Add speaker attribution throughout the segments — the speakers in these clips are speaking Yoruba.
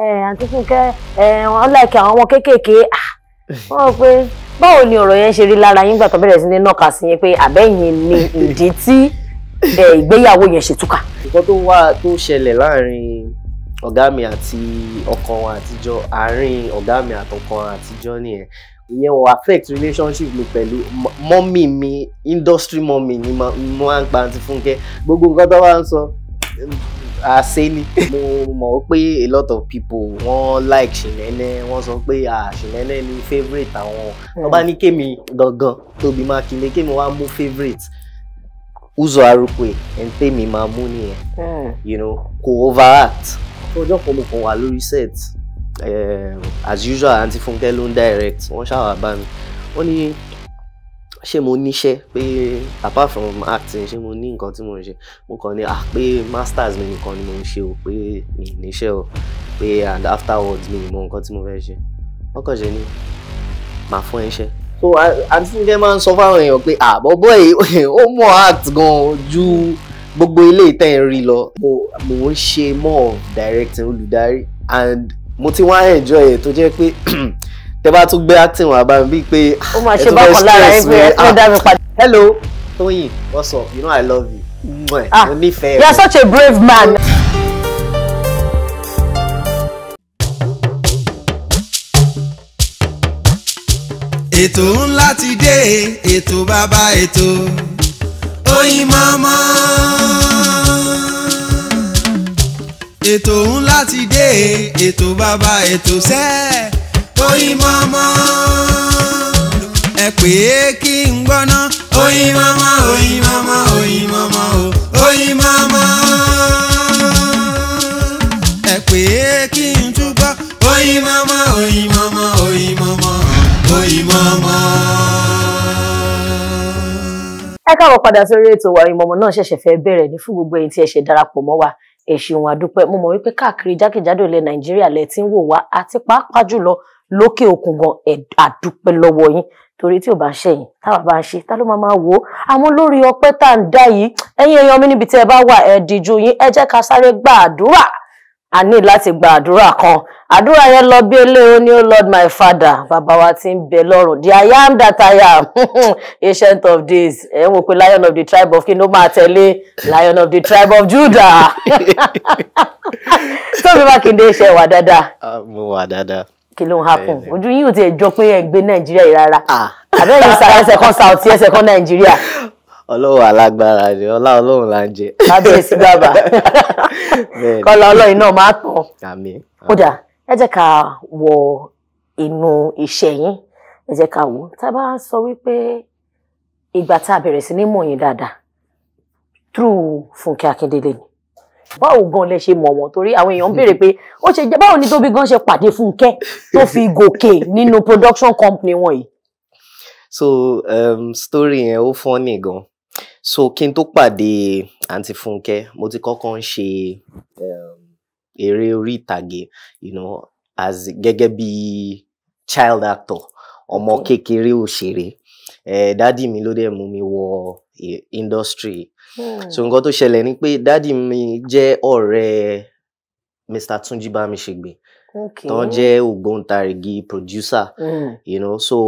Speaker 1: àǹtí eh, fúnkẹ́ eh, wọn láìkí àwọn ọmọ kéékèèké ah, wọn pé báwo ni ọ̀rọ̀ yẹn ṣe rí lára yín gbà tó bẹ̀rẹ̀ sí ní nàka sí yín pé àbẹ́yìn ni ìdí tí eh, ìgbéyàwó yẹn ṣe túkà.
Speaker 2: nǹkan tó wà tó ṣẹlẹ̀ láàrin ọ̀gá mi àti ọkọ wọn àtijọ́ àárín ọ̀gá mi àtọkọ àtijọ́ nìyẹn ìyẹn ò affect relationship mi pẹ̀lú mọ́mì mi industry mọ́mì ni mo máa ń gba àǹtí fúnkẹ́ gbogbo nǹkan tó wà ń sọ àṣẹ ni. mo mọ̀ pé a lot of people wọ́n like Ṣìnẹ́nẹ́ wọ́n sọ pé Ṣìnẹ́nẹ́ ah, ni favourite àwọn wọ́n bá ní kémi gangan Tóbi Mákindé kémi wá mú favourite Uzo Arukwe ẹni tèmi máa mú nìyẹn hmm. you know kò overact ọjọ́ kan mo kàn wà lórí set eh, as usual Aunty Funke ló ń direct wọ́n ṣàwà bá mi wọ́n ní ṣé mo níṣẹ́ pé apart from acting ṣé mo ní nǹkan tí mo ń ṣe mo kàn ní ah, pé masters mi nìkan ni mo ń ṣe o pé mi níṣẹ́ o pé and afterwards mi mọ nǹkan tí mo fẹ́ ṣe wọ́n kàn ṣe ni màá fún ẹ ṣe so àti ǹjẹ́ máa ń sọ fáwọn èèyàn pé àbọ̀ bọ́ yìí ó mọ̀ act gan ju gbogbo ilé ìtẹ́ ẹ̀ rí lọ mo ń ṣe more of directing olùdarí and mo ti wá enjoy ẹ̀ tó jẹ́ pé tẹ bá tún gbé acting wọn bíi pé ó máa ṣe bákan lára ẹ pé ẹ ah. dá mi padà. hello Tóyìn what's up you know i love you ah mo nífẹ̀ẹ́ rẹ. you are such a
Speaker 1: brave man.
Speaker 2: ètò ńlá ti dé ètò bàbá ètò Oyin mọ́mọ́. ètò ńlá ti dé ètò bàbá ètò sẹ́ẹ̀ oyin mama, ẹ pè é kí n gbọ́ná oyin mama, oyin mama. oyin mama, o
Speaker 1: oyin mọ́mọ́ ẹ pè é kí n túbọ̀ oyin mama. oyin mọ́mọ́ oyin mọ́mọ́ oyin mọ́mọ́ ẹ káàbọ̀ padà sórí ètò wa ìmọ̀mọ̀ náà ṣẹ̀ṣẹ̀ fẹ́ bẹ̀rẹ̀ ní fún gbogbo ẹ̀yin tí ẹ ṣe darapọ̀ mọ́ wa ẹ ṣeun àdúpẹ́ mo mọ̀ wípé káàkiri jákèjádò ilẹ̀ nàìjíríà lẹ ti ń wò wá àti pàápàá jùlọ lókè òkun gan àdúpẹ́ lọ́wọ́ yín torí tí ò bá ń ṣe yìí táwa bá ń ṣe tá ló máa máa wò ó àmọ́ lórí ọpẹ́ tá à ń dá yìí ẹ̀yin èèyàn mi níbi tí ẹ bá wà ẹ díjú yín ẹ jẹ́ ká sáré gba àdúrà a ní láti gba àdúrà kan àdúrà yẹn lọ bí eléyìí ni o lord my father bàbá wa ti ń bẹ lọ́run the i am that i am ancient of days ẹ ń wò pé lion of the tribe of kino máa tẹ̀lé lion of the tribe of judah tóbi mákindé ṣe wà dáadáa.
Speaker 2: Ah, mo wà dáadáa
Speaker 1: kí ló ń happen ojú yín ò tiẹ̀ jọ pé ẹ̀ ń gbé nàìjíríà yìí rárá ah. àbẹ́yìn sara ẹsẹ̀ kan south ẹsẹ̀ kan nàìjíríà.
Speaker 2: ọlọ́run alágbára ni ọlá ọlọ́run là ń jẹ. kábíyèsí bàbá kọ́lá ọlọ́run náà máa tàn.
Speaker 1: kódà ẹ jẹ́ ká wọ inú iṣẹ́ yín ẹ jẹ́ ká wò ó tá a bá sọ wípé ìgbà tá a bẹ̀rẹ̀ sí ní mọ̀ yín dáadáa through Fúnkẹ́ Akíndélé ni báwo gan lẹ ṣe mọ̀ wọ́n torí àwọn èèyàn béèrè pé ó ṣe jẹ́ báwo ni Tóbi gan ṣe pàdé Fúnkẹ́ tó fi gòkè nínú production company wọn
Speaker 2: so um, story yẹn ó funny gan so kí n tó pàdé àǹtí Fúnkẹ́ mo ti kọ́kọ́ ń ṣe um, eré orí ìtàgé you know, as gẹ́gẹ́ bí child actor ọmọ kékeré òṣèré eh, dádì mi ló dẹ̀ mú mi wọ eh, industry Hmm. so nǹkan tó ṣẹlẹ̀ ni pé dádì mi jẹ́ ọ̀rẹ́ Mr. Túnjí Bámiṣègbè okay. tó jẹ́ ògbóǹtarìgì producer hmm. you know so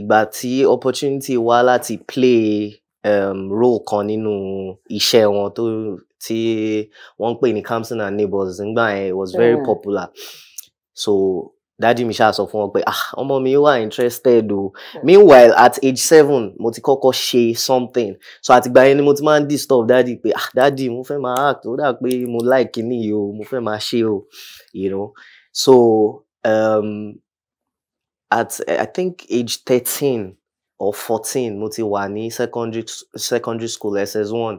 Speaker 2: ìgbà tí opportunity wá láti play um, role kan nínú iṣẹ́ wọn tó tí wọ́n ń pè ní Kamson and Neighbors nígbà yẹn it was very hmm. popular so dádì mi ṣáà sọ fún wọn pé ah ọmọ mi wà interested o meanwhile at age seven mo ti kọ́kọ́ ṣe something so àtìgbà yẹn ni mo ti máa ń disturb dádì pé ah dádì mo fẹ́ máa act ó dà pé mo like kíní yìí o mo fẹ́ máa ṣe o you know so um, at i think age thirteen or fourteen mo ti wà ní secondary secondary school ss1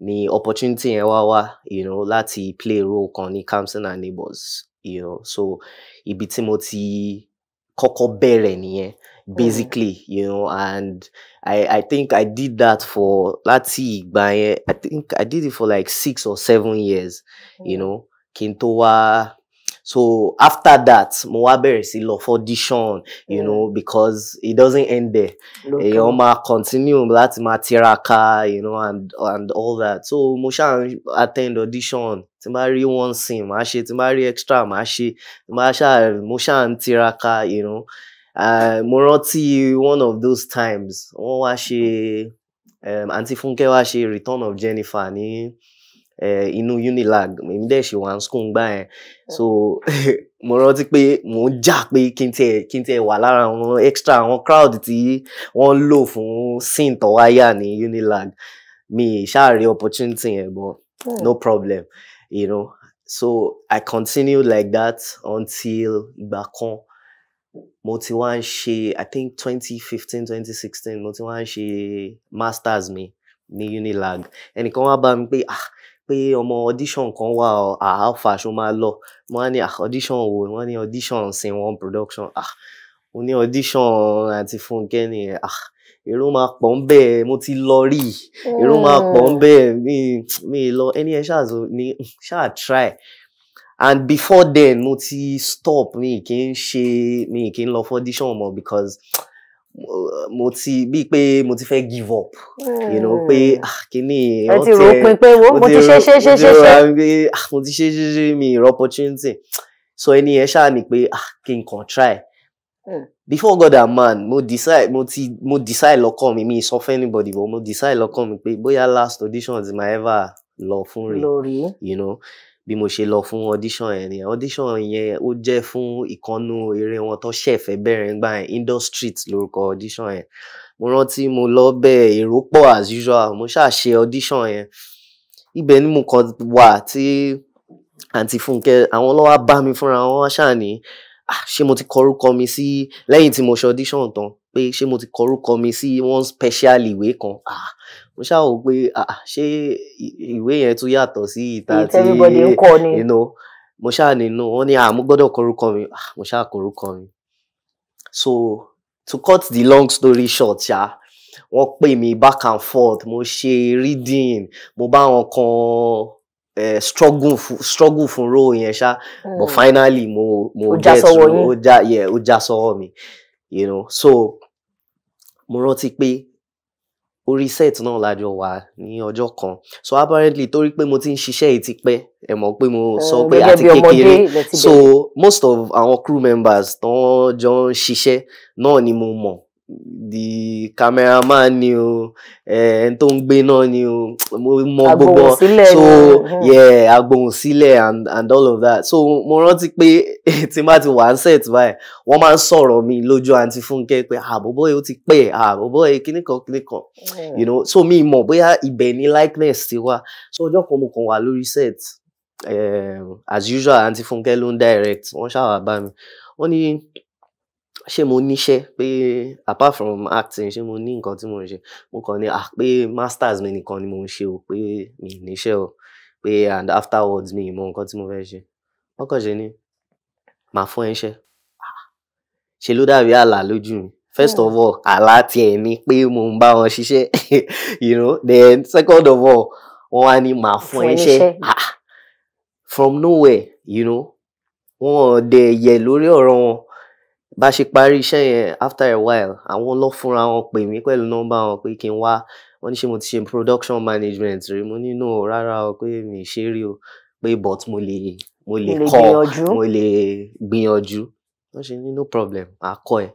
Speaker 2: ni opportunity yẹn wá wá you know láti play role kan ní Kamsin and neighbors, you know so ibi tí mo ti kọ́kọ́ bẹ̀rẹ̀ nìyẹn mm. basically mm. you know and I I think I did that for láti ìgbà yẹn I think I did it for like six or seven years mm. you know kí n tó wá so after that mo wá bẹ̀rẹ̀ sí lọ for audition you mm. know because it doesn't end there
Speaker 1: èèyàn máa
Speaker 2: continue láti máa tiraka you know and and all that so mo ṣáà attend audition tí máa rí one scene máa ṣe tí máa rí extra máa ṣe tí máa mo ṣáà ń tiraka you know uh, mo rántí one of those times wọ́n wá ṣe um, aunty Funke wá ṣe return of Jennifer ní eh, inú unilag èmi dẹ̀ ṣe wà ní school gbà yẹn so mo rántí pé mo ń jà pé kí n tiẹ̀ kí n tiẹ̀ wà lára àwọn extra àwọn crowd tí wọ́n ń lò fún sin tọ́wáyà ní unilag mi ṣáàrí opportunity yẹn but mm. no problem you know so I continued like that until ìgbà kan mo ti wá ń ṣe I think 2015, 2016. twenty sixteen mo ti wá ń ṣe masters mi ní unilag ẹnìkan wá bá mi pé ah pé ọmọ audition kan wà ọ ah how far ṣo máa lọ mo wá ní audition wo wọ́n ní audition sin one production ah mo ní audition àti Fúnkẹ́ ni ah èrò máa pọ̀ ń bẹ́ẹ̀ mo ti lọ rí èrò máa pọ̀ ń hmm. bẹ́ẹ̀ mi mi lọ ẹni ẹ ṣáà ní ṣáà try and before then mo ti stop mi kì í ṣe mi kì í lọ for audition mọ́ because mo ti bíi pé mo ti fẹ́ give up you know pé hmm. ah, kíní ọtẹ ẹ ti rò pin pé wo mo ti ṣe ṣe ṣe ṣe ṣe ah, mo ti ṣe ṣe ṣe mi ìrọ opportunity so ẹni yẹn ṣáà ni pé ah, kí n kàn try hmm. before God and man mo decide mo ti mo decide lọ́kàn mi mi sọ fún anybody but mo decide lọ́kàn mi pé bóyá last audition ti máa ever lọ fún rè you know bí mo ṣe lọ fún audition yẹn ni audition yẹn ó jẹ́ fún ìkànnù eré wọn tó ṣẹ̀fẹ̀ bẹ̀rẹ̀ ńgbà yẹn Indus Street lórúkọ audition yẹn mo rántí mo lọ bẹ̀ èrò pọ̀ as usual mo ṣáà ṣe audition yẹn ibẹ̀ ni mo kàn wà tí àǹtí Fúnkẹ́ àwọn ló wá bá mi fúnra wọn wá ṣáà ní ah, ṣé mo ti kọrúkọ mi sí lẹ́yìn tí mo ṣe audition tán pé ṣé mo ti kọrúkọ mi sí one special ìwé kan ah, mo ṣáà wò pé ṣé ìwé yẹn tún yàtọ̀ sí ìta tí ìnú mo ṣáà nínú wọn ní àmú gbọ́dọ̀ korúkọ mi mo ṣáà korúkọ mi so to cut the long story short ṣá wọ́n pè mí back and forth mo ṣe reading mo bá wọn kan struggle fún struggle fún role yẹn ṣá but hmm. finally mo mo get through ó já yeah ó já mi you know so mo rántí pé orí set náà lájọ wa ní ọjọ́ kan so apparently torí pé mo ti ń ṣiṣẹ́ yìí ti pẹ́ ẹ mọ̀ pé mo sọ pé àti kékeré so most of àwọn crew members tán jọ ń ṣiṣẹ́ náà ni mo mọ̀ the cameraman ni o ẹn tó ń gbé náà ni o mo mọ gbogbo so hmm. yeah agbohùnsílẹ̀ and and all of that so mo rántí pé tí n bá ti wà ń set báyìí wọ́n máa ń sọ̀rọ̀ mi lójú àǹtí Fúnkẹ́ pé àbọ̀bọ̀ ah, yìí ó ti pẹ́ àbọ̀bọ̀ ah, yìí kíní kan kíní kan hmm. you know so mi mọ̀ bóyá ibẹ̀ ni likeness ti wá so ọjọ́ kan mo kàn wà lórí set um, as usual àǹtí Fúnkẹ́ ló ń direct wọ́n ṣàwà bá mi wọ́n ní ṣé mo níṣẹ́ pé apart from acting ṣé mo ní nǹkan tí mo ń ṣe mo kàn ní pé masters mi nìkan ni mo ń ṣe o pé mi níṣẹ́ o pé and afterwards mi ìmọ̀ nǹkan tí mo fẹ́ ṣe wọ́n kàn ṣe ni màá fún ẹ ṣẹ́ ṣe ló dàbí àlá lójú mi first of all àlá tiẹ̀ ni pé mo ń bá wọn ṣiṣẹ́ you know then second of all wọ́n wá ní màá fún ẹ ṣẹ́ from nowhere you know wọ́n dẹ̀ yẹ̀ lórí ọ̀rọ̀ wọn bá ṣe parí iṣẹ́ yẹn after a while àwọn lọ fúnra wọn pè mí pẹ̀lú nọ́mbà wọn pé kí n wá wọ́n ní ṣé mo ti ṣe production management rí mo ní no rárá o pé mi ṣe rí o pé but mo lè mo lè kọ́ mo lè gbìyànjú wọ́n ṣe ní no problem àkọ ẹ̀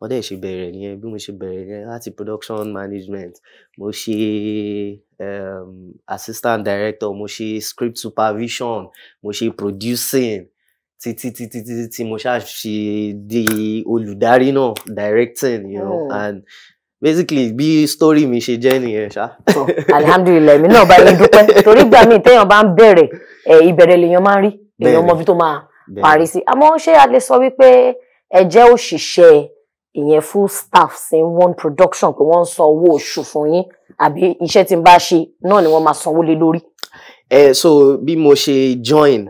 Speaker 2: wọ́n dẹ̀ ṣe bẹ̀rẹ̀ nìyẹn bí mo ṣe bẹ̀rẹ̀ nìyẹn láti production management mo ṣe um, assistant director mo ṣe script supervision mo ṣe producing títí títí títí tí mo ṣáà ṣe di olùdarí náà directing you know mm. and basically bí story mi ṣe jẹ́ nìyẹn ṣá. Oh,
Speaker 1: alihamudulilayi mi náà bá yín
Speaker 2: dúpẹ́ torí
Speaker 1: ìgbà míì téèyàn bá ń bẹ̀rẹ̀ ìbẹ̀rẹ̀ lèèyàn máa ń rí èèyàn mọ ibi tó máa parí sí àmọ́ ṣé a lè sọ wípé ẹ òṣìṣẹ́ ìyẹn full staff sí one production pé wọ́n ń san owó oṣù fún yín àbí iṣẹ́ tí n bá ṣe náà ni wọ́n máa sanwó lé lórí.
Speaker 2: ẹ eh, so bí mo ṣe join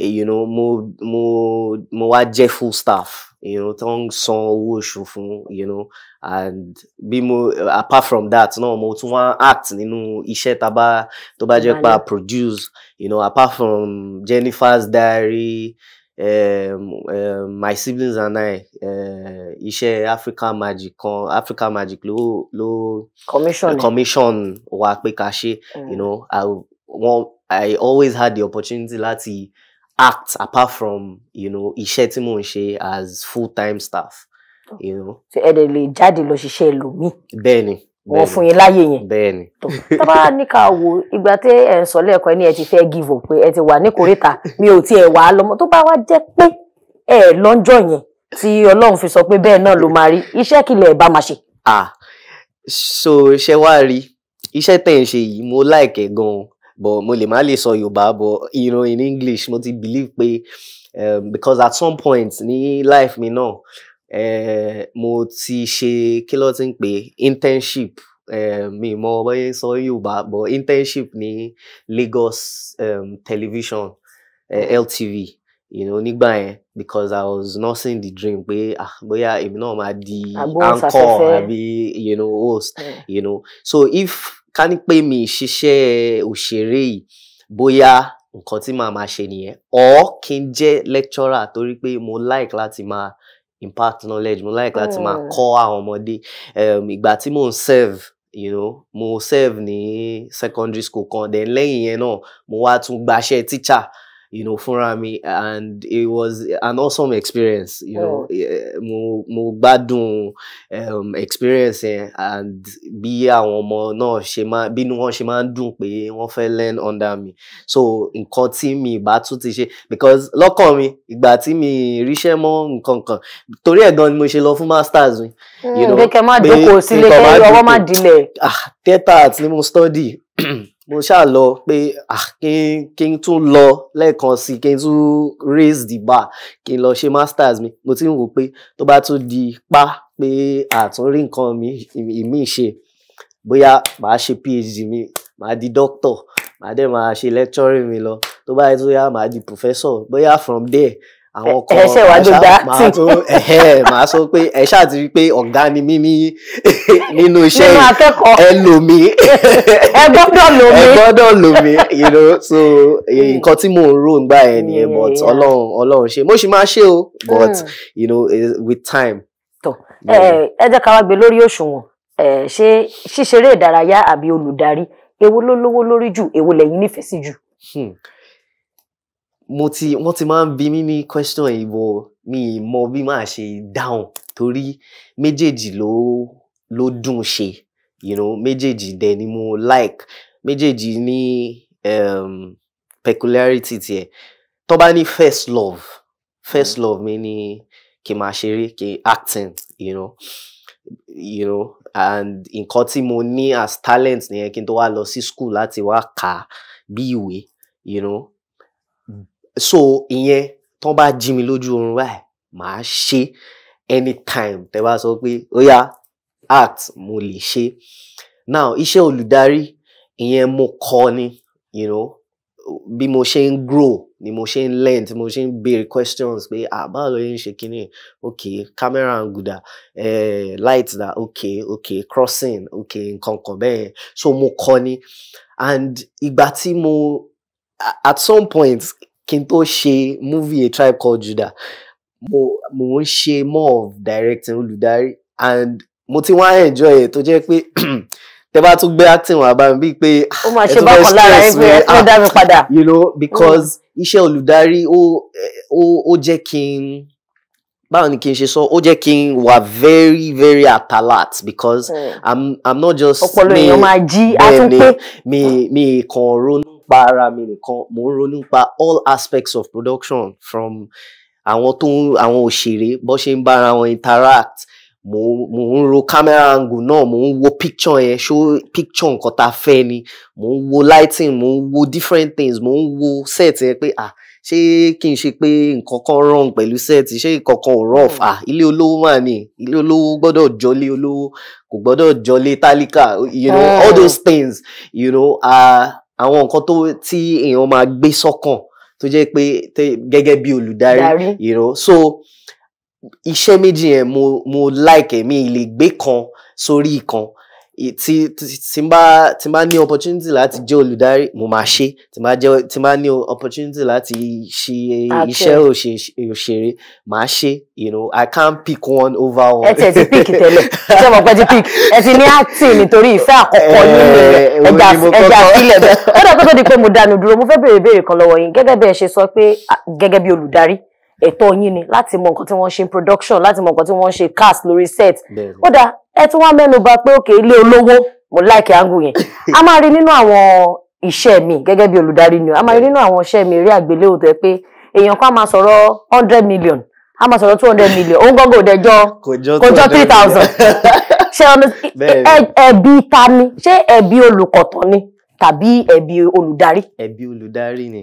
Speaker 2: Eh, you know mo mo mo wá jẹ́ full staff you know tó ń san owó oṣù fún you know and bí mo apart from that náà no, mo tún wá act nínú iṣẹ́ tá bá tó bá jẹ́ pa produce you know apart from Jennifer's Diary um, um, my siblings and I uh, iṣẹ́ Africa Magic kan Africa Magic ló ló commission commission wa pé ká ṣe you mm. know I wọn I always had the opportunity láti. Like act apart from you know iṣẹ́ tí mò ń ṣe as full time staff. Oh. You know. So, ẹ lè jáde lọ ṣiṣẹ́ ẹlòmíì. bẹ́ẹ̀ni wọn fún yín láyè yẹn. bẹ́ẹ̀ni. tó bá ní ká wo ìgbà tí ẹ ń
Speaker 1: sọ lẹ́ẹ̀kan ẹni ẹ ti fẹ́ give up pé ẹ ti wà ní kòríta mi ò tiẹ̀ wà á lọ́mọ tó bá wá jẹ́ pé ẹ lọ́njọ́ yẹn tí ọlọ́run fi sọ pé bẹ́ẹ̀ náà ló máa rí iṣẹ́ kílẹ̀ ẹ bá máa ṣe.
Speaker 2: ah so ṣe wá rí iṣẹ́ tẹ̀ ń ṣe yìí mo láìkẹ́ gan-an but mo lè má lè sọ Yorùbá but you know in English mo ti believe pé um, because at some point ni life mi náà eh, mo ti ṣe kí ló ti ń pè internship uh, mi mọ bóyá sọ Yorùbá but internship ni Lagos um, television uh, eh, LTV you know nígbà yẹn because i was nursing the dream pé ah bóyá èmi náà máa di anchor àbí you know host mm. you know so if ká ní pé mi ṣiṣẹ́ òṣèré yìí bóyá nǹkan tí màá máa ṣe nìyẹn or kí n jẹ́ lecturer torí pé mo like láti máa impact knowledge mo like láti máa hmm. kọ́ àwọn ọmọdé ìgbà tí mò ń serve you know mo serve ní secondary school kan then lẹ́yìn yẹn náà mo wá tún gbaṣẹ́ teacher you know fúnra mi and it was an awesome experience you know oh. mo mo gbádùn um, experience yẹn and bí àwọn ọmọ náà ṣe máa bínú wọn ṣe máa ń dùn pé wọ́n fẹ́ learn under me. so nǹkan tí mi ìbá tún ti ṣe because lọ́kàn mi ìgbà tí mi ríṣẹ́ mọ́ nǹkan kan torí ẹ̀ gan ni mo ṣe lọ fún masters mi.
Speaker 1: Hmm, bí kẹ́ máa jókòó sílé kẹ́ ọwọ́ má
Speaker 2: dilẹ̀. Ah, theatre àti mo study. mo ṣáà lọ pé kí n tún lọ lẹ́ẹ̀kan sí kí n tún raise the bar kí n lọ ṣe masters mi mo ti ń wò pé tó bá tún di pa pé àtúnrí nǹkan mi ìmí ṣe bóyá màá ṣe phd mi màá di doctor màá dẹ̀ máa ṣe lecturing mi lọ tó bá yẹ tó yá màá di professor bóyá from there àwọn eh, kan ẹsẹ eh, wàá gbégbá tí màá tó màá sọ pé ẹ ṣáà ti rí pé ọ̀gá ni mí ní nínú iṣẹ́ ẹ lò mí ẹ gbọ́dọ̀ lò mí ẹ gbọ́dọ̀ lò mí you know so hmm. nǹkan tí mò ń rò ń gbà yẹn nìyẹn but hmm. Ọlọ́run Ọlọ́run ṣe mo ṣì máa ṣe o but hmm. you know eh, with time.
Speaker 1: tọ ẹ jẹ́ ká wá gbé lórí òṣùwọ̀n ṣé ṣíṣeré ìdárayá àbí olùdarí èwo ló lówó lórí jù èwo lẹ́yìn nífẹ̀ẹ́ sí jù
Speaker 2: mo ti wọ́n ti máa ń bi mí ní question yìí bọ̀ mi mọ bí màá ṣe dáhùn torí méjèèjì ló ló dùn ṣe you know méjèèjì dẹ̀ ni mo like méjèèjì ní um, peculiarity tiẹ̀ tó bá ní first love first mm. love mi ni kí n máa ṣeré kí acting you know you know and nǹkan tí mo ní as talent nìyẹn kí n tó wá lọ sí school láti wá kà á bí ìwé you know so ìyẹn tán bá jí mi lójú oorun báyìí màá ṣe anytime tẹ bá sọ pé ó yá act mo lè ṣe now iṣẹ́ olùdarí ìyẹn mo kọ́ ni you know bí mo ṣe ń grow ni mo ṣe ń learn tí mo ṣe ń béèrè questions pé ah báwo ló ń ṣe kíní ok camera angle da eh, light da ok ok crossing ok nǹkan bẹ́ẹ̀ so mo kọ́ ni and ìgbà tí mo at some point kí n tó ṣe movie a tribe called Judah mo mo ń ṣe more of directing olùdarí and mo ti wá enjoy ẹ̀ tó jẹ́ pé tẹ bá tún gbé acting wá bá mi bíi pé ah, ó máa ṣe bákan lára ẹ ẹ tún ah, dá mi padà. you know because mm. iṣẹ́ olùdarí ó ó ó jẹ́ kí n báwo ni kí n ṣe sọ ó jẹ́ kí n wà very very at alert because mm. i'm i'm not just. ọpọlọ èèyàn máa jí àtúnpé. mi mi kàn ronú nípa ara mi nìkan mò ń ronú nípa all aspects of production from àwọn tó ń àwọn òṣèré bó ṣe ń bára wọn interact mo mo ń ro camera angle náà mo ń wo picture yẹn show picture nǹkan tá fẹ́ ni mo ń wo lighting mo ń wo different things mo ń wo set yẹn pé ah ṣé kí n ṣe pé nǹkan kan wrong pẹ̀lú set ṣé nǹkan kan ò rough ah ilé olówó mà ní ilé olówó gbọ́dọ̀ jọlé olówó kò gbọ́dọ̀ jọlé tálíkà you know all hmm. those things you know ah. Uh, àwọn nǹkan tó tí èèyàn máa gbé sọ́kàn tó jẹ́ pé gẹ́gẹ́ bí olùdarí you know so iṣẹ́ méjì yẹn mo mo like ẹ̀ mi ì lè gbé kan sórí kan tí tí n bá tí n bá ní opportunity láti jẹ́ olùdarí mo máa ṣe tí n bá jẹ́ tí n bá ní opportunity láti ṣe iṣẹ́ òṣèré máa ṣe you know I can't pick one over one. ẹ tẹ̀ ti pick tẹ́lẹ̀ ṣé mo pẹ́
Speaker 1: ti pick ẹ ti ní acting nítorí ìfẹ́
Speaker 2: àkọ́kọ́ nínú ẹja ẹja sílẹ̀ bẹ́ẹ̀ ó
Speaker 1: dàgbé tó di pé mo dánu dúró mo fẹ́ béèrè béèrè kan lọ́wọ́ yín gẹ́gẹ́ bí ẹ ṣe sọ pé gẹ́gẹ́ bí olùdarí ẹ̀tọ́ yín ni láti mọ nǹkan tí wọ́n ṣe production láti mọ nǹkan tí wọ́n ṣe cast lórí set ó dà ẹ tún wá mẹ́nu bà pé òkè ilé olówó mo like angu yẹn a máa rí nínú àwọn iṣẹ́ mi gẹ́gẹ́ bí olùdarí ni a máa rí nínú àwọn iṣẹ́ mi eré àgbéléwò tó yẹ pé èèyàn kan máa sọ̀rọ̀ hundred million a máa sọ̀rọ̀ two hundred million òun gọ́gọ́ òdẹjọ́
Speaker 2: kò jọ three thousand
Speaker 1: ṣé
Speaker 2: ẹ̀bi ta ni ṣé ẹ̀bi olùkọ̀tàn ni tàbí ẹ̀bi olùdarí. ẹ̀bi olùdarí ni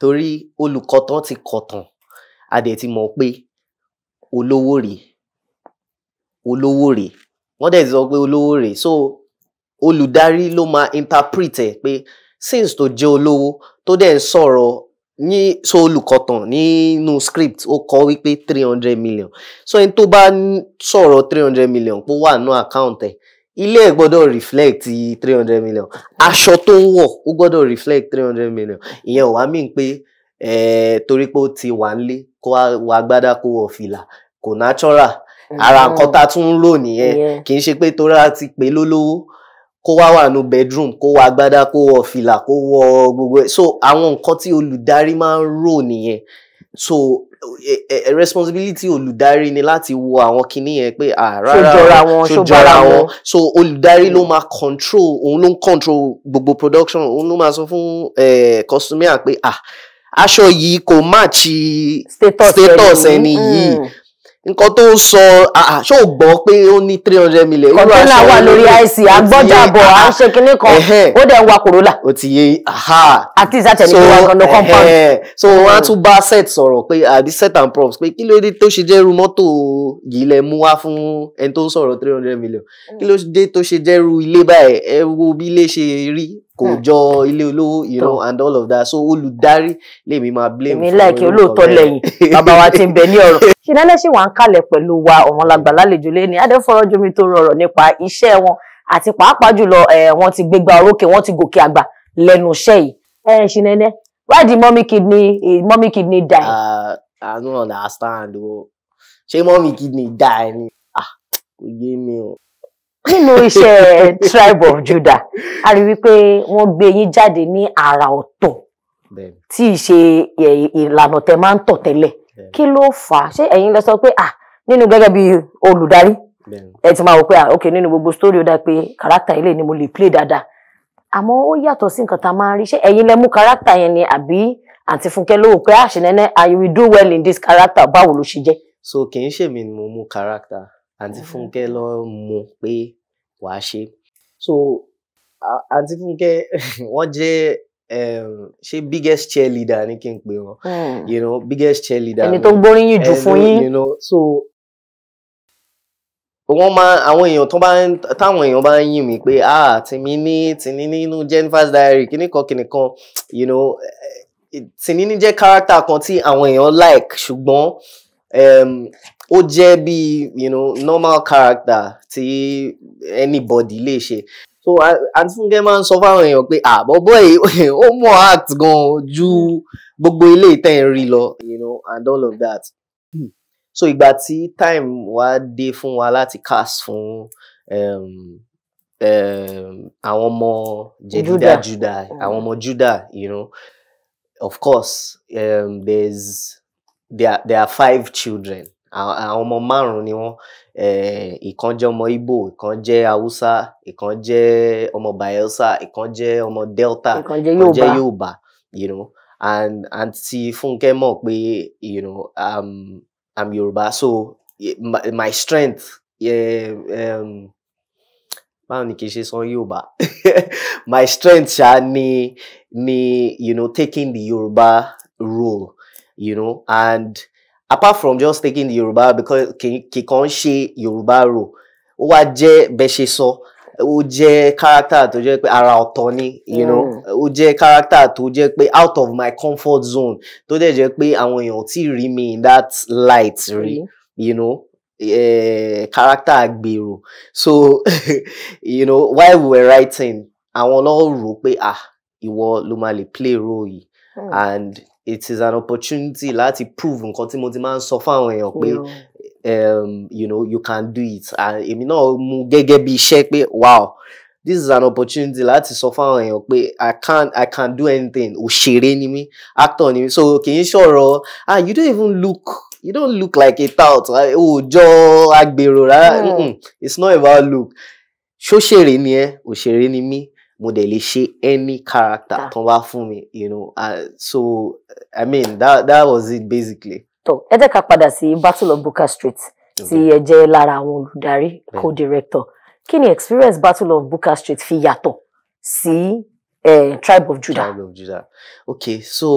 Speaker 2: torí olùkọ̀tàn ti kọ̀tàn a dẹ̀ ti mọ̀ pé olówó rèé olówó rèé wọ́n dẹ̀ ti sọ pé olówó rèé so olùdarí ló máa interpret ẹ̀ pé since tó jẹ́ olówó tó dẹ̀ ń sọ̀rọ̀ ní so olùkọ̀tàn nínú script ó kọ wípé three hundred million so ẹni tó bá sọ̀rọ̀ three hundred million pé ó wà nínú account ẹ̀ ilé ẹ̀ gbọ́dọ̀ reflect three hundred million aṣọ tó ń wọ̀ ó gbọ́dọ̀ reflect three hundred million ìyẹn ò wá mí pé eh, torí pé ó ti wà ń lé kó wọ agbádá kó wọ fìlà kò natural ara mm-hmm. nǹkan tá a tún ń lò nìyẹn kì í ṣe pé torí a ti pè lólówó kó wá wà nù bedroom kó wọ agbádá kó wọ fìlà kó wọ gbogbo ẹ so àwọn nǹkan tí olùdarí máa ń rò nìyẹn so e, e, e responsibility olùdarí ni láti wo àwọn kinní yẹn pé rárá ṣojọra wọn ṣojọra wọn so olùdarí ló mm. máa control òun ló ń control gbogbo production òun ló máa sọ fún eh, customer pé ah aṣọ yìí kò máàchì status ẹni yìí mm. nǹkan tó ń sọ ṣó o gbọ́ pé ó ní three hundred million. kọ̀ńtẹ́nà wà lórí àìsí agbọ́jàbọ̀ à ń ṣe kinní kan ó dẹ̀ ń wa Corolla. o ti ye aha. àti ìsàtẹ̀lẹ̀ tó wà lọ́nà compound. so wọ́n á mm. tún bá set sọ̀rọ̀ pé àbí set and props pé kí ló dé tó ṣe jẹ́rú mọ́tò yìí lẹ mú wá fún ẹni tó ń sọ̀rọ̀ three hundred million mm. kí ló dé tó ṣe jẹ́rú ilé báyìí ẹ wo bí ilé ṣe rí kò hmm. jọ ilé olówó ìran and all of that so olùdarí lèmi máa blame. èmi láìkí olóòótọ́ lẹ́yìn bàbá wa ti ń bẹ ní ọ̀rọ̀. ṣìnálẹ́ ṣì wà ń kalẹ̀ pẹ̀lú wa Ọ̀wọ́nlàgbà lálejò lẹ́ni adẹ́fọ́rọ́ jomi tó rọrọ̀ nípa iṣẹ́
Speaker 1: wọn àti pàápàá jùlọ wọn ti gbégbá orókè wọn ti gòkè àgbà lẹ́nu iṣẹ́ yìí. ẹ ṣìnẹ́nẹ́ why the mommy kidney eh, mommy kidney die. Uh, I don't understand o oh. ṣé mommy kidney die ah kò yé nínú iṣẹ́ tribe of Judah a rí wípé wọ́n gbé yín jáde ní àrà ọ̀tọ̀ tí í ṣe ìlànà tẹ máa ń tọ̀ tẹ́lẹ̀ kí ló fà á ṣé ẹ̀yin lẹ sọ pé à nínú gẹ́gẹ́ bí olùdarí ẹ ti máa wò pé à ok nínú gbogbo story ó dá pé kàrákítà ilé ni mo lè play dáadáa àmọ́ ó yàtọ̀ sí nǹkan tá a máa ń rí ṣé ẹ̀yin lẹ mú kàrákítà yẹn ni àbí àǹtí Fúnkẹ́ lówó pé àṣìnẹ́nẹ́ I will do well in this character báwo ló
Speaker 2: ṣe jẹ́. so kì í ṣèmi ni mo mú kàrákítà àǹtí fúnkẹ́ ló mú pé wàá ṣe so àǹtí fúnkẹ́ wọ́n jẹ́ ṣé biggest cheerleader ni kí n pè wọn hmm. you know biggest cheerleader ẹni tó ń gbóríyìn jù fún yín you know so wọ́n máa àwọn èèyàn tó bá ń táwọn èèyàn bá ń yìn mí pé ah tìmí ní tìní nínú Jennifer's Diary kíníkan kíníkan you know eh, tìní ní jẹ́ character kan tí àwọn èèyàn like ṣùgbọ́n um, ó jẹ́ bí you know, normal character tí anybody lè ṣe so àti fúnkẹ́ máa ń sọ fáwọn èèyàn pé àbọ̀bọ̀ yìí ó mọ̀ act gan ju gbogbo ilé ìtẹ̀yìn rí lọ you know, and all of that hmm. so ìgbà tí time wá dé fún wa láti cast fún um, um, àwọn ọmọ jẹ̀dúdà juda àwọn ọmọ juda you know, of course um, there's there are, there are five children àwọn ọmọ márùn-ún ni wọ́n eh, ìkan jẹ́ ọmọ Ìgbò ìkan jẹ́ Haúsá ìkan jẹ́ ọmọ Bayelsa ìkan jẹ́ ọmọ Delta ìkan jẹ́ Yorùbá you know and and àǹtí funke mọ̀ pé you know um, I'm Yorùbá so my, my strength yeah, um, báwo ni kì í ṣe sọ Yorùbá my strength ṣá ni ni you know taking the Yorùbá role you know and apart from just taking the Yorùbá because kì kàn ṣe Yorùbá rò ó wá jẹ́ bẹ́ character to je pé ara ọ̀tọ̀ you know uje mm. character to je pé out of my comfort zone to dẹ̀ je pé àwọn èèyàn ò tí in that light rí you know uh, character agbèrò so you know while we were writing àwọn náà rò pé ah ìwọ ló máa lè play role yìí hmm. and it is an opportunity láti prove nǹkan tí mo ti máa ń sọ fáwọn èèyàn pé um, you know you can do it èmi náà mú gẹ́gẹ́ bí iṣẹ́ pé wow this is an opportunity láti sọ fáwọn èèyàn pé i can i can do anything òṣèré ni mí actor ni mí so kì í ṣọ̀rọ̀ ah you don't even look you don't look like a tout ah, òòjọ́ agbèrò rárá hmm. it's not about look ṣóṣèré ni ẹ òṣèré ni mí mo dẹ̀ lè ṣe any character tó bá fún mi you know uh, so i mean that that was it basically. tó ẹ jẹ́ ká padà sí
Speaker 1: battle of Bukka Street tí ẹ jẹ́ lára àwọn olùdarí co-director kí ni
Speaker 2: experience battle of Bukka Street fi yàtọ̀ sí tribe of Judah. tribe of Judah okay so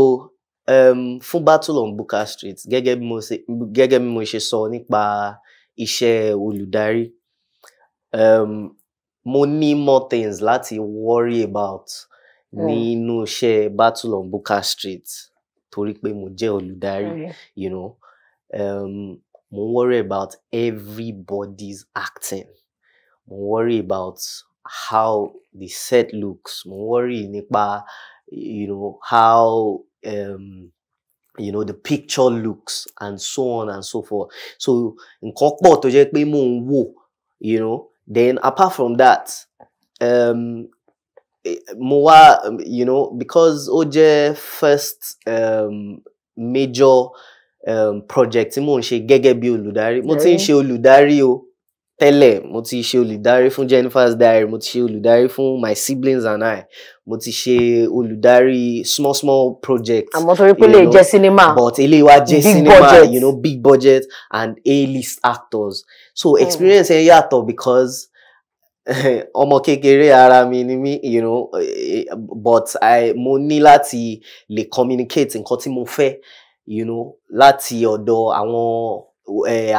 Speaker 2: um, fún battle of Bukka Street gẹ́gẹ́ bí mo ṣe gẹ́gẹ́ bí mo ṣe sọ nípa iṣẹ́ olùdarí um, mo ní more things láti worry about mm. nínú iṣẹ́ battle of Bukka Street torí pé mo jẹ́ olùdarí you know um, mo worry about everybody's acting mo worry about how the set looks mo worry nípa you know how um, you know the picture looks and so on and so forth so nǹkan pọ̀ tó jẹ́ pé mò ń wò you know Then apart from that, um, eh, mo um, you know because ó first um, major um, project tí mò ń ṣe gẹ́gẹ́ bí olùdarí mo ti ń ṣe olùdarí o tẹ́lẹ̀ mo ti ṣe olùdarí fún Jennifer's Diary mo ti ṣe olùdarí fún My Siblings and I mo ti ṣe olùdarí small small project. àmọ́ torí pé lè jẹ́ cinema but eléyìí wá jẹ́ cinema budget. you know big budget and A-list actors so hmm. experience yẹn mm. yàtọ̀ because ọmọ kékeré ara mi ni mí you know but I mo ní láti le communicate nǹkan tí mo fẹ́ you know láti ọ̀dọ̀ àwọn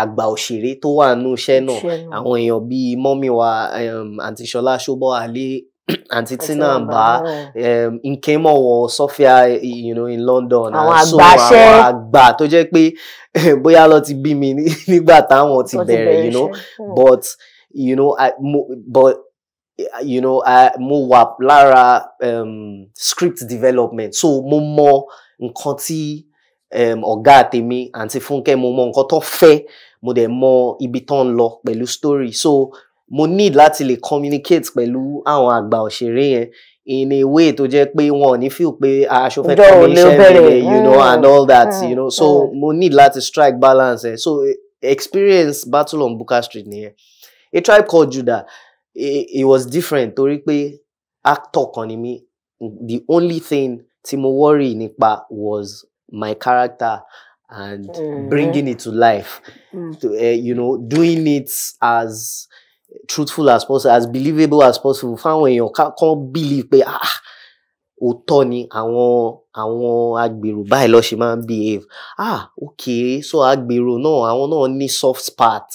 Speaker 2: àgbà òṣèré tó wà nù iṣẹ́ náà àwọn èèyàn bíi mọ́mí wa àǹtí ṣọlá ṣóbọ̀ àlẹ́ àǹtí tina àǹbá nkemọwọ sofia you know, in London àwọn ah, àgbàṣe àwọn àgbà tó jẹ́ pé bóyá ló ti bí mi nígbà táwọn ti bẹ̀rẹ̀ you know hmm. but you know I, mo, but you know I, mo wà lára um, script development so mo mọ nǹkan tí um, ọ̀gá tèmi àǹtí fúnkẹ́ mo mọ nǹkan tó fẹ́ mo dẹ̀ mọ ibi tó ń lọ pẹ̀lú story so mo need láti lè communicate pẹ̀lú àwọn àgbà òṣèré yẹn in a way tó jẹ́ pé wọn ò ní feel pé ah, aṣọ fẹ́ commission. mi you know ah, and all that ah, you know so mo need láti strike balance so experience battle on Bukka Street nìyẹn a tribe called Judah it, was different torí pé actor kan ni mi the only thing tí mo worry nípa was my character and mm. bringing it to life mm. to, uh, you know doing it as truthful as possible as believable as possible fáwọn can't believe pé ah òótọ́ ni àwọn àwọn agbèrò báyìí lọ́ ṣe máa ń behave ah okay so agbèrò náà àwọn náà ní soft part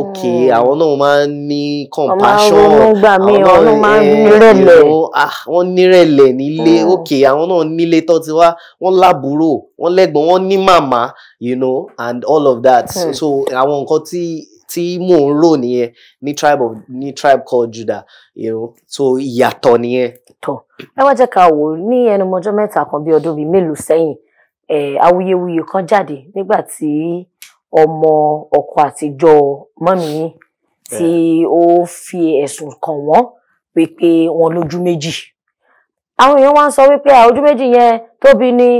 Speaker 2: okay hmm. àwọn náà máa ń ní compassion àwọn náà eh, nírẹ̀lẹ̀ ah, wọ́n nírẹ̀lẹ̀ nílé hmm. okay àwọn náà nílé tó ti wá wọ́n lábúrò wọ́n lẹ́gbọ̀n wọ́n ní màmá you know and all of that mm. so àwọn nǹkan tí tí mò ń rò nìyẹn ní tribe of ní tribe called Judah you know so ìyàtọ̀ nìyẹn. tọ ẹ wá jẹ́ ká wò ó ní ẹnumọjọ́ mẹ́ta
Speaker 1: kan bí ọdún bíi mélòó sẹ́yìn awuyewuye kan jáde nígbà tí ọmọ ọkọ àtijọ́ mọ́mí yín tí ó fi ẹ̀sùn kàn wọ́n pé pé wọ́n lójú méjì àwọn èèyàn wá sọ wípé ojú méjì yẹn tóbi ni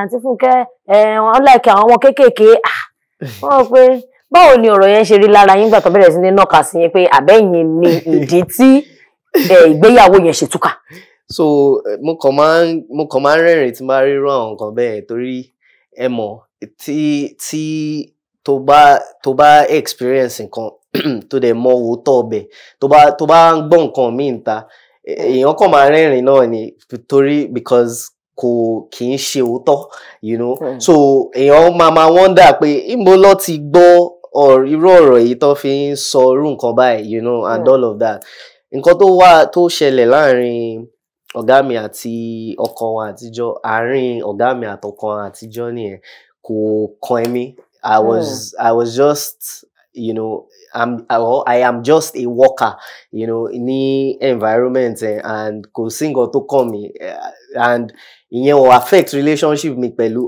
Speaker 1: àǹtí Fúnkẹ́ wọn láìka àwọn ọmọ kéékèèké wọn pé báwo ni ọ̀rọ̀ yẹn ṣe rí lára yín gbà tó bẹ̀rẹ̀ sí ní nọ́ọ̀kà sí yẹn pé àbẹ́yìn ni ìdí tí
Speaker 2: ìgbéyàwó yẹn ṣe túkà. so mo kàn máa ń mo rẹ́rìn tí n rírun àwọn nǹkan bẹ́ẹ̀ torí ẹ mọ̀ tí tó bá experience nǹkan tó dẹ̀ mọ òótọ́ ọbẹ̀ tó bá tó bá ń gbọ́ nǹkan míì ń ta èèyàn kàn máa rẹ́rìn náà ni torí because kò kì í ṣe òótọ́ you know mm. so èèyàn máa máa wonder pé ìmọ̀ lọ́ọ́ ti gbọ́ irú ọ̀rọ̀ yìí tó fi ń sọ irú nǹkan báyìí you know and all of that nǹkan tó wà tó ṣẹlẹ̀ láàrin ọ̀gá mi àti ọkọ wọn àtijọ́ àárín ọ̀gá mi àtọkọ wọn àtijọ́ nìyẹn kò kan ẹ̀mí I was I was just you know I'm, I, I am just a worker you know ní environment and kò sí nǹkan tó kàn mí and. Uh, ìyẹn o affect relationship mi pẹ̀lú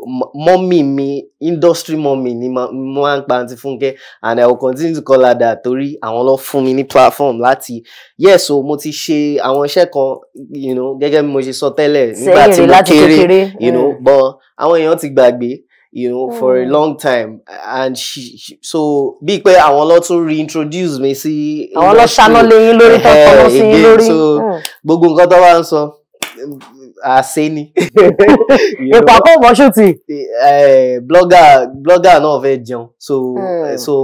Speaker 2: mọ́mì mi industry mọ́mì ni mo máa ń pa àǹtí Fúnkẹ́ and I will continue to call her that torí àwọn ló fún mi ní platform láti yes o mo ti ṣe àwọn iṣẹ́ kan you know gẹ́gẹ́ bí mo ṣe sọ tẹ́lẹ̀ nígbà tí mo kéré you know mm. but àwọn èèyàn ti gbàgbé you know, for a mm. long time. And she, she so bíi pé àwọn ló tún reintroduce mi sí. Àwọn ló ṣáná lé yín lórí tó fọwọ́ sí yín lórí. Mm. gbogbo nǹkan tó wá ń sọ àṣẹ́ni. ìpàkọ́ mọ́ṣútì. blogger blogger náà fẹ́ jẹun so mm. so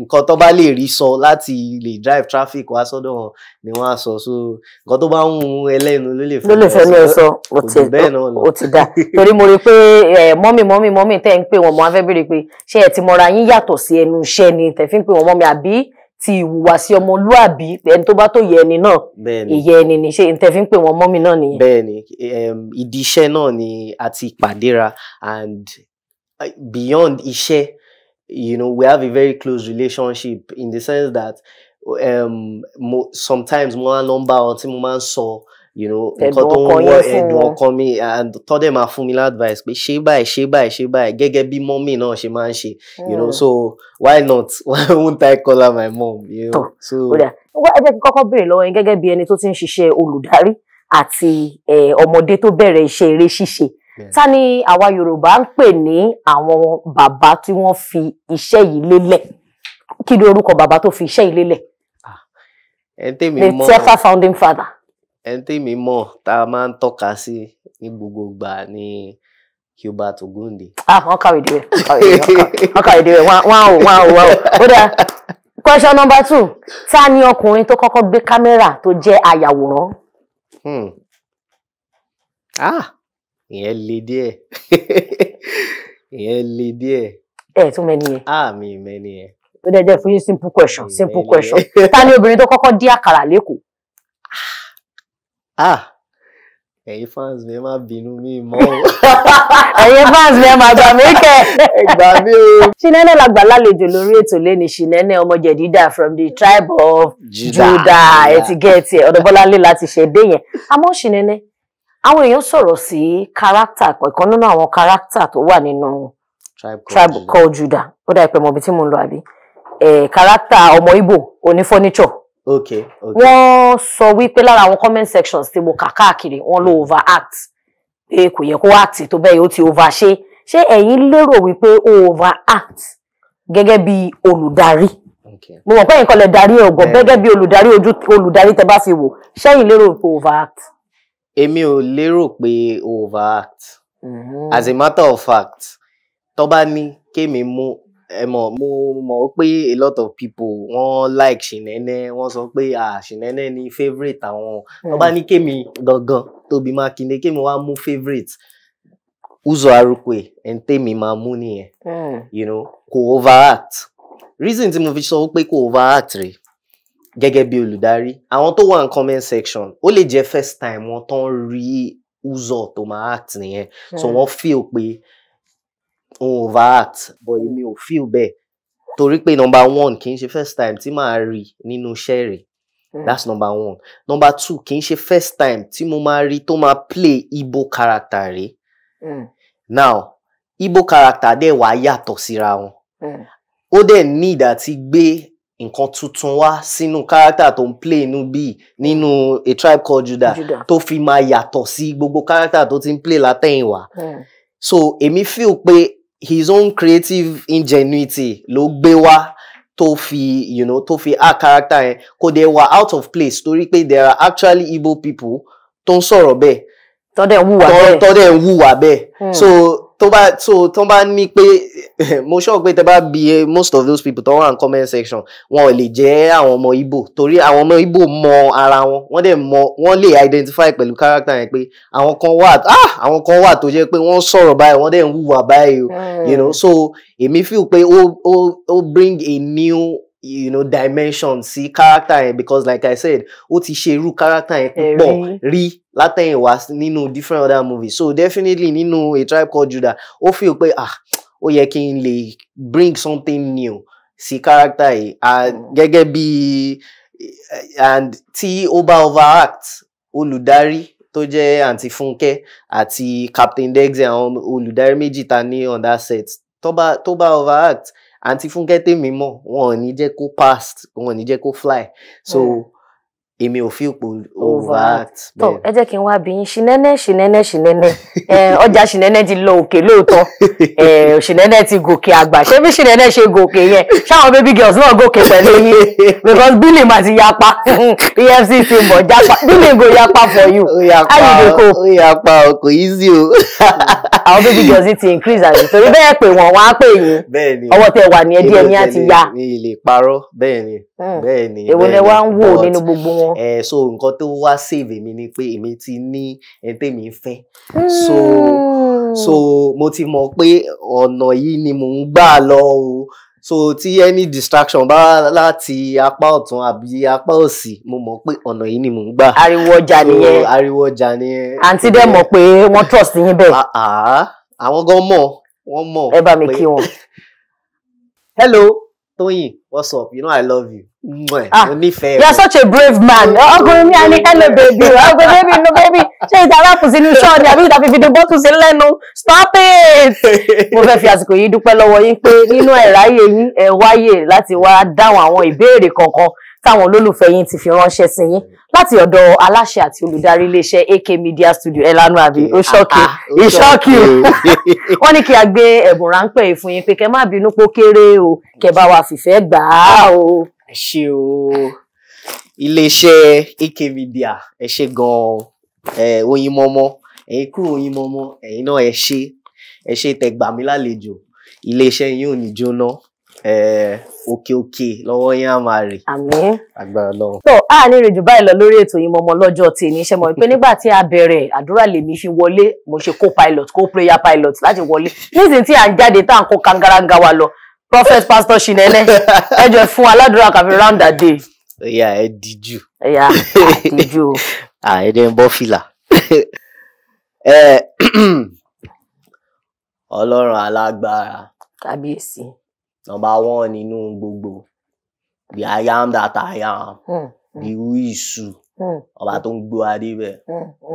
Speaker 2: nǹkan tó bá lè rí sọ láti lè drive traffic wá sọ́dọ̀ ni wọ́n á sọ so nǹkan tó bá ń hun ẹlẹ́nu ló lè fẹ́ ló lè fẹ́ ló sọ ó ti dá torí
Speaker 1: mo rí i pé mọ́mì mọ́mì mọ́mì tẹ́ ń pè wọ́n mo á fẹ́ béèrè pé ṣé ẹ ti mọra yín yàtọ̀ sí ẹnu iṣẹ́ ni tẹ̀ fi ń pè wọ́n mọ́mì àbí ti ìhùwàsí ọmọlúàbí ẹni tó bá
Speaker 2: tó yẹ ẹni náà ìyẹ ẹni ni ṣe ntẹ fi ń pè wọn mọ́mì náà nìyẹn. bẹ́ẹ̀ni ìdí iṣẹ́ náà ni a ti pàdéra and uh, beyond iṣẹ́ you know we have a very close relationship in the sense that um, mo, sometimes mo máa ń lọ ń bá wọn tí mo máa ń sọ. So, you know nǹkan tó ń wọ ẹ̀dùn ọkàn mi and tọ́dẹ̀ máa fún mi ládvice pé ṣé báyìí ṣé báyìí ṣé báyìí gẹ́gẹ́ bí mọ́mì náà ṣe máa ń ṣe you know hmm. so why not why won't I call her my mom you know so. wọ́n ẹ jẹ́ kí kọ́kọ́
Speaker 1: béèrè lọ́wọ́ yín gẹ́gẹ́ bí ẹni tó ti ń ṣiṣẹ́ olùdarí àti ọmọdé tó bẹ̀rẹ̀ iṣẹ́ eré ṣíṣe ta ni àwa Yorùbá ń pè ní àwọn bàbá tí wọ́n fi iṣẹ́ yìí lélẹ̀ kí ni orúkọ bàbá tó fi iṣẹ́ yìí lélẹ̀ ah,
Speaker 2: the Tefa
Speaker 1: founding father
Speaker 2: ẹni tèmi mọ̀ tá a máa ń tọ́ka sí ní gbogbo ìgbà ni Hubert Ogunde.
Speaker 1: ah wọn kàwé dé
Speaker 2: wọn kàwé dé wọn ò wọn ò wọn ò
Speaker 1: ó question number two ta ni ọkùnrin tó kọ́kọ́ gbé kámẹ́rà tó jẹ́ ayàwòrán.
Speaker 2: Hmm. ah ìyẹn le díẹ̀ ìyẹn le díẹ̀. ẹ tún mẹni yẹn. ah mi mẹni yẹn.
Speaker 1: ó dẹ̀ fún yín simple question simple question
Speaker 2: ta ni obìnrin tó kọ́kọ́ dí àkàrà lẹ́kọ̀ọ́ ah ẹ̀yin fans mi ẹ má bínú o. ẹ̀yin fans mi ẹ má gbà mí kẹ́. ẹ gbà o. Shinene la
Speaker 1: gbà lálejò lórí ètò lẹ́ni Shinene ọmọ Jẹ̀dídà from the tribe of Judah etigẹ́ẹ̀tì ọ̀dọ́bọ́lálé láti ṣe dé yẹn. àmọ́ Shinene àwọn èèyàn sọ̀rọ̀ sí kárátà ọ̀kan nínú àwọn kárátà tó wà nínú
Speaker 2: tribe called
Speaker 1: Judah ó dà pé mo ibi tí mo ń lọ àbí kárátà eh, ọmọ Ìgbò onífọ́níṣọ̀
Speaker 2: okay okay
Speaker 1: wọ́n sọ wípé lára àwọn comment sections tí mo kà káàkiri lo ló overact pé kò yẹ kó act tó bẹ́ẹ̀ ó ti overṣe ṣé ẹ̀yin lérò wípé ó overact gẹ́gẹ́ bí olùdarí mo mọ̀ pé ẹ̀yin kan lè darí ọgbọ̀n gẹ́gẹ́ bí olùdarí ojú olùdarí tẹ bá fi wò ṣẹ́yìn lérò pé overact.
Speaker 2: èmi ò lérò pé overact mhm. as a matter of fact tó bá ní kémi mú ẹ mọ̀ mo mọ̀ pé a lot of people wọ́n like Ṣìnẹ́nẹ́ wọ́n sọ pé ah Ṣìnẹ́nẹ́ ni favourite àwọn wọ́n bá hmm. ní kémi gangan Tóbi Mákindé kémi wá mú favourite Uzo Arukwe ẹni tèmi máa mú nìyẹn hmm. you know kò overact reason tí mo fi sọ pé kò overact rèé gẹ́gẹ́ bí olùdarí àwọn tó wà ní comment section ó lè jẹ́ first time wọn tán rí Uzo tó máa act nìyẹn so hmm. wọ́n feel pé overt but hmm. èmi ò feel bẹ́ẹ̀ torí pé number one kì í ṣe first time tí màá rí nínú iṣẹ́ rẹ̀ hmm. that's number one number two kì í ṣe first time tí mo máa rí tó máa play Igbo character rẹ̀ hmm. now Igbo character dẹ̀ wá yàtọ̀ síra wọn ó dẹ̀ need àti gbé nǹkan tuntun wá sínú character tó ń play inú bíi nínú a tribe called Judah tó fi máa yàtọ̀ sí gbogbo character tó ti ń play látẹ̀yìnwá so èmi feel pé his own creative ingenuity ló gbé wá tó fi you know tó fi act character yẹn kò dé wà out of place torí pé there are actually Igbo people tó ń sọ̀rọ̀ bẹ́ẹ̀ tọ́dẹ̀ ń hùwà bẹ́ẹ̀ bẹ́ẹ̀ hmm. so tó bá so tó bá ní pé mo sọ pé tẹ bá bi e, most of those people tó wà ní comment section wọn ò lè jẹ́ àwọn ọmọ Ìgbò torí àwọn ọmọ Ìgbò mọ ara wọn wọ́n dẹ̀ mọ wọ́n lè identify pẹ̀lú character yẹn pé àwọn kan wà ah àwọn kan wà tó jẹ́ pé wọ́n sọ̀rọ̀ báyìí wọ́n dẹ̀ ń hùwà báyìí o you know hmm. so èmi feel pé ó ó ó bring a new you know dimension sí character yẹn because like I said ó ti ṣe irú character yẹn púpọ̀ rí látẹ̀yìn wá nínú different other movies so definitely nínú A Tribe Called Judah ó feel pé ah ó yẹ kí n lè bring something new sí character yìí hmm. gẹ́gẹ́ bí and tí ó bá overact olùdarí tó jẹ́ àǹtí Fúnkẹ́ àti Captain Dexter àwọn olùdarí méjì ta ní on that set tó bá tó bá overact And if fúnkẹ́ tèmi mọ̀ wọn ò ní jẹ́ go past wọn ò ní jẹ́ kó fly so. Yeah èmi ò fi ipò overact bẹ́ẹ̀. tọ
Speaker 1: ẹ jẹ́ kí n wá bí yín ṣìnẹ́nẹ́ ṣìnẹ́nẹ́ ṣìnẹ́nẹ́ ọjà ṣìnẹ́nẹ́ ti lọ òkè lóòótọ́ ṣìnẹ́nẹ́ ti gòkè àgbà ṣé bí ṣìnẹ́nẹ́ ṣe
Speaker 2: gòkè yẹn ṣáwọn baby girls náà gòkè pẹ̀lú yín because bílì mà ti yapa efcc mọ̀ japa bílì go yapa for you ayé lè kó. ó yapa o kò yí sí o. àwọn baby girls ti increase àná torí bẹ́ẹ̀ pé wọ́n wá pè yín ọwọ́ tẹ wà ní ẹdí ẹni á ti ya. mi ì lè parọ́ bẹ́ẹ̀ ni hmm. bẹ́ẹ̀ ni. èwo lẹ wá ń wò nínú gbogbo wọn mọ́ ẹ so nǹkan tó wá save mi ni pé èmi ti ní ẹni tèmi fẹ́ so hmm. so mo ti mọ̀ pé ọ̀nà yìí ni mò ń gbà lọ o so tí any distraction bá láti apá ọ̀tún àbí apá òsì mo mọ̀ pé ọ̀nà yìí ni mò ń gbà. ariwo ọjà nìyẹn ariwo ọjà nìyẹn. àǹtí dẹ́ mọ̀ pé wọ́n trust yín bẹ́ẹ̀. Ah, ah. àwọn gan mọ̀ wọ́n mọ̀. ẹ bá mi kí wọn. hello Tóyìn what's up you know i love you. Ah, you are such a brave man. Ọkùnrin ní a ní hello baby, ọkùnrin oh,
Speaker 1: baby no baby, ṣé ìtara kù sínú iṣẹ́ ni àbí ìtàfi fìdí bọ́tù sí lẹ́nu? Stop it! Mo fẹ́ fi àsìkò yìí dúpẹ́ lọ́wọ́ yín pé nínú ẹ̀ráyè yín ẹ wáyè láti wá dáhùn àwọn ìbéèrè kọ̀ọ̀kan táwọn olólùfẹ́ yín ti fi ránṣẹ́ sí yín láti ọ̀dọ̀ aláṣẹ àti olùdarí iléeṣẹ́ AK Media Studio ẹlanu àbí oṣọkì ìṣọkì wọ́n ní kí a gbé ẹ̀bùn ráńpẹ́ yìí fún yín pé kẹ́ má bínú pó kéré o kẹ́ bá wa fìfẹ́ gbà á
Speaker 2: o ẹ ṣé o iléeṣẹ́ AK Media ẹ ṣé gan-an oyin mọmọ ẹ̀yin kúrò oyin mọmọ ẹ̀yin náà ẹ ṣé ẹ ṣé tẹ́ gbà mí lálejò iléeṣẹ́ yín ò ní jóná òkè òkè lọ́wọ́ yín á máa rè. àmín agbára lọ́wọ́. tó a ní rèjò
Speaker 1: báyìí lọ lórí ètò yìí mọmọ lọ́jọ́ tèmi ṣe mọ̀ pé nígbà tí a bẹ̀rẹ̀ àdúrà lèmi fi wọlé mo ṣe co-pilot co-prayer pilot láti wọlé nísìnyí tí à ń jáde tá à ń kó kangaranga wa lọ prophet pastor Shinene ẹ jọ̀ọ́ fún aládùúrà kàfi round that day.
Speaker 2: ẹyà ẹ díjú. ẹyà ẹ díjú. ẹ dẹ́ ń bọ́ fìlà. ọlọ́run alágbára. kábíyèsí. nọ́mbà one nínú gbogbo the I am that I am hmm, hmm. the who is who hmm. ọba tó ń gbé wa débẹ̀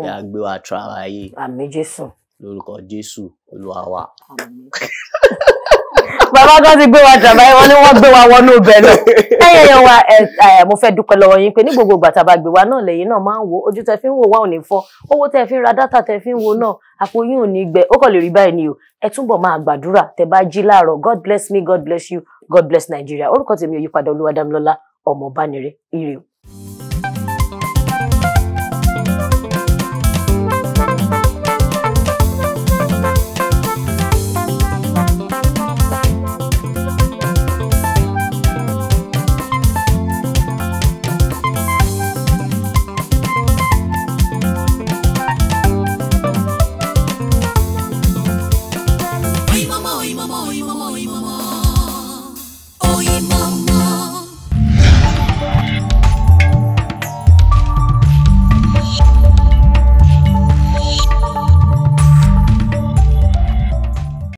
Speaker 2: ẹ á gbé wa tra wa yé. àmín jésù. lórúkọ jésù olúwa wa. bàbá kan ti gbé wa jàmbá wọn ni wọ́n gbé wa wọnú ibẹ̀ náà
Speaker 1: ẹ̀yẹ̀ yẹn wa mo fẹ́ dúpẹ́ lọ́wọ́ yín pé ní gbogbo ìgbà tàbá gbé wa náà lẹ́yìn náà máa ń wo ojú tẹ fi ń wò wá ò ní fọ́ owó tẹ fi ń ra dátà tẹ fi ń wo náà àpò yín ò ní gbẹ ó kàn lè rí báyìí ni o ẹ túbọ̀ máa gbàdúrà tẹ bá jí láàárọ̀ God bless me God bless you God bless Nigeria orúkọ tèmi ò yípadà Olúwadámilọ́lá ọmọ Bánirè ire o.